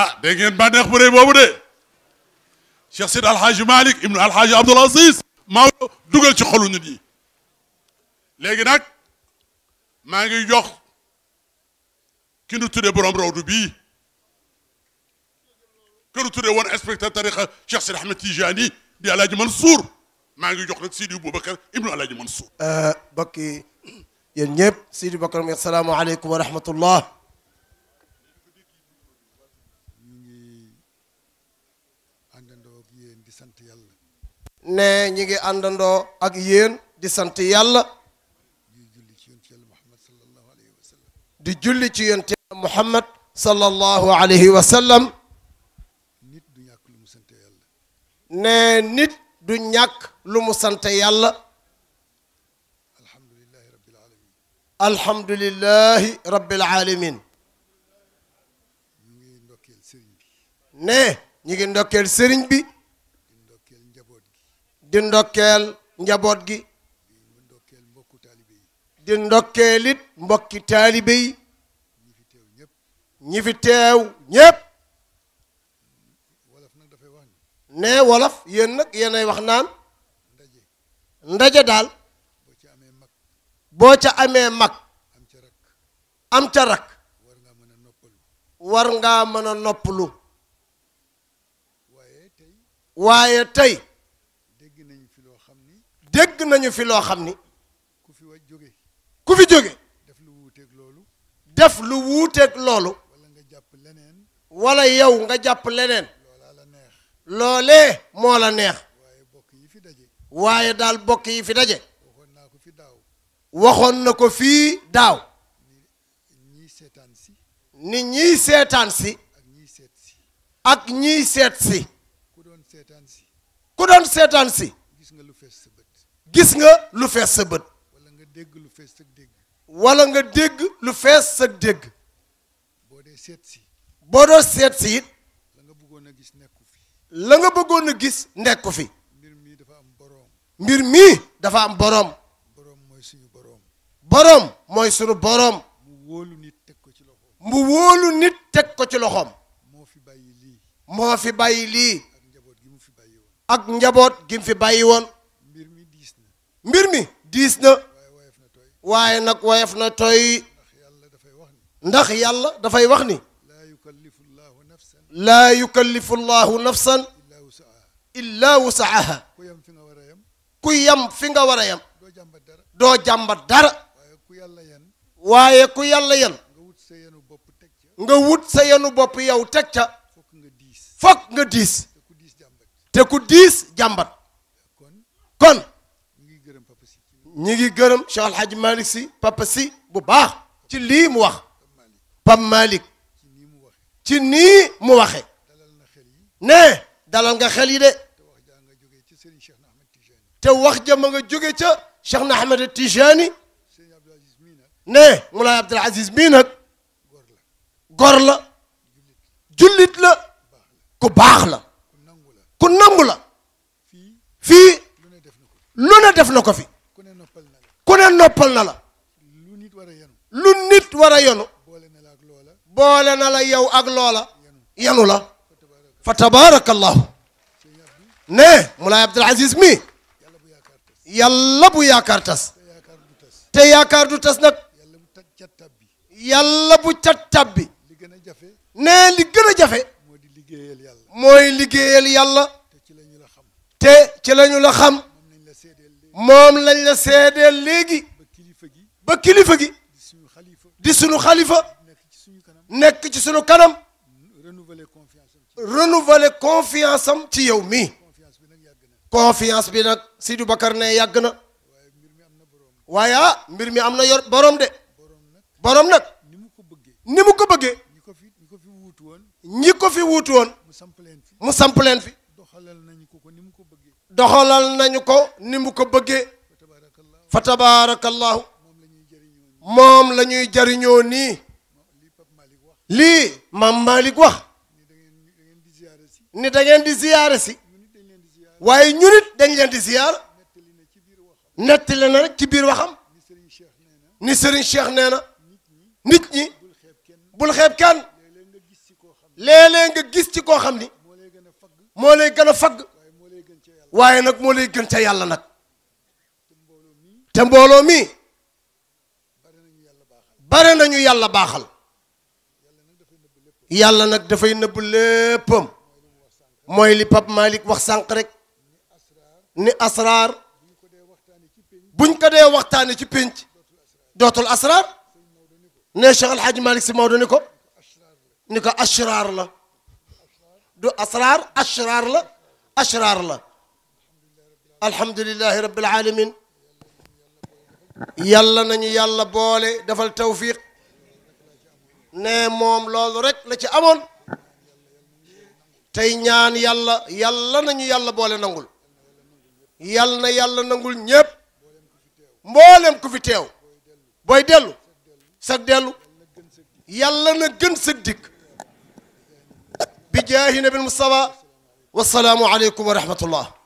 ah dégg ngeen bànneex bu rëy boobu de Cheikh Seydi Alhaaji Malick ibnu Aziz Maodo dugal ci xolu nit yi léegi nag maa ngi jox ki nu tuddee borom rawdu bii kënu tuddee woon inspecteur tariqa Cheikh Seydi Ahmed Tijani di Alaaji Mansour maa ngi jox nag Sidi Boubacar ibnu Alaaji Mansour euh, bokki yéen ñëpp Sidi Boubacar mi asalaamaaleykum wa rahmatullah ne ñi ngi àndandoo ak yéen di sant yàlla di julli ci yonent yàlla Muhammad sallallahu alayhi wa sallam ne nit du ñàkk lu mu sant yàlla alhamdulillahi rabbil alamin ne ñi ngi ndokkeel sëriñ bi di ndokkeel njaboot gi di ndokkeelit mbokki taalibe yi ñi fi teew ñépp ne wolof yéen nag yéenay wax naan ndaje daal boo ca amee mag am ca rak war ngaa mën a noppalu waaye tey dégg nañu fi loo xam ni ku fi wa jóge ku fi jóge def lu wuuteeg loolu def lu wuuteeg loolu wala nga jàpp leneen wala yow nga jàpp leneen loola la neex loolee moo la neex waaye bokk yi fi daje waaye daal bokk yi fi daje waxoon naa ko fi daaw waxoon na ko fii daaw ni ñiy seetaan si ni ñiy seetaan si ak ñiy seet si ak ñiy seet si ku doon seetaan si ku doon seetaan si gis nga lu fees sa gis nga lu fees sa bët. wala nga dégg lu fees sag dégg. wala nga dégg lu fees sa dégg. boo dee seet si. boo doo seet si it. la nga bëggoon a gis nekku fi. la nga bëggoon a gis nekku fi. mbir mii dafa am boroom. mbir mii dafa am boroom. boroom mooy suñu boroom. boroom mooy suñu boroom. mu wóolu nit teg ko ci loxoom. mu wóolu nit teg ko ci loxoom. moo fi bàyyi lii. moo fi bàyyi lii. njaboot gi mu fi bàyyi ak njaboot gi mu fi bàyyi woon. mbir mi diis na waaye nag woyof na tooy ndax yàlla dafay wax ni laa yukallifu llahu nafsan illaa wusaaha ku yam fi nga war a yam doo jàmbat dara waaye ku yàlla yan nga wut sa yenu bopp yow teg ca fokk nga diis te ku diis jàmbat kon ñi ngi gërëm Cheikh Al Hadj si papa si bu baax ci lii mu wax Pape Malick ci nii mu waxe ne dalal nga xel yi de te wax ja ma nga jóge ca Cheikh na Ahmed Tijani ne Moulay Abdoul Aziz mii nag gor la jullit la ku baax la ku nangu la fii lu ne def na ko fi képpal na la lu nit war a yenu war a yenu boole na la ak loola boole na yow ak loola yenu la fa tabaarakallahu ne Moulay Abdul Aziz mi yàlla bu yaakaar tas te yaakaar du tas nag yàlla bu cat tabbi ne li gën a jafe mooy liggéeyal yàlla te ci lañu la xam moom lañ la seedeel léegi ba kilifa gi di suñu xalifa nekk ci sunu kanam renouveler confiance am ci yow mii confiance bi nag Sidou Bakar ne yàgg na waaye ah mbir mi am na yor borom de borom nag ni mu ko bëggee ñi ko fi ko fi wuutu woon mu samp leen fi doxalal nañu ko ni mu ko bëggee fa tabaarakallahu moom la ñuy jariñoo nii lii maam Malick wax ni da ngeen di ziyaare si waaye ñun it dañ leen di ziyaar nettali na rek ci biir waxam ni Serigne Cheikh nee na nit ñi bul xeeb kenn léeg-léeg nga gis ci koo xam ni moo lay gën a fagg waaye nag moo lay gën ca yàlla nag te mbooloo mi pare nañu yàlla baaxal yàlla nag dafay nëbb léppam mooy li Pape Malick wax sànq rek ni asraar buñ ko dee waxtaane ci pénc dootul asraar ne Cheikh El Hadj Malick si Maodo ni ko ni la du asraar la ashraar la alhamdulilahi alamin yàlla nañu yàlla boole defal tawfiq ne moom loolu rek la ci amoon tey ñaan yàlla yàlla nañu yàlla boole nangul yàlla na yàlla nangul ñépp mboolem ku fi teew booy dellu sag dellu yàlla na gën sag dikk bi jaahi nabil Mustafa wasalaamu aleykum wa rahmatullah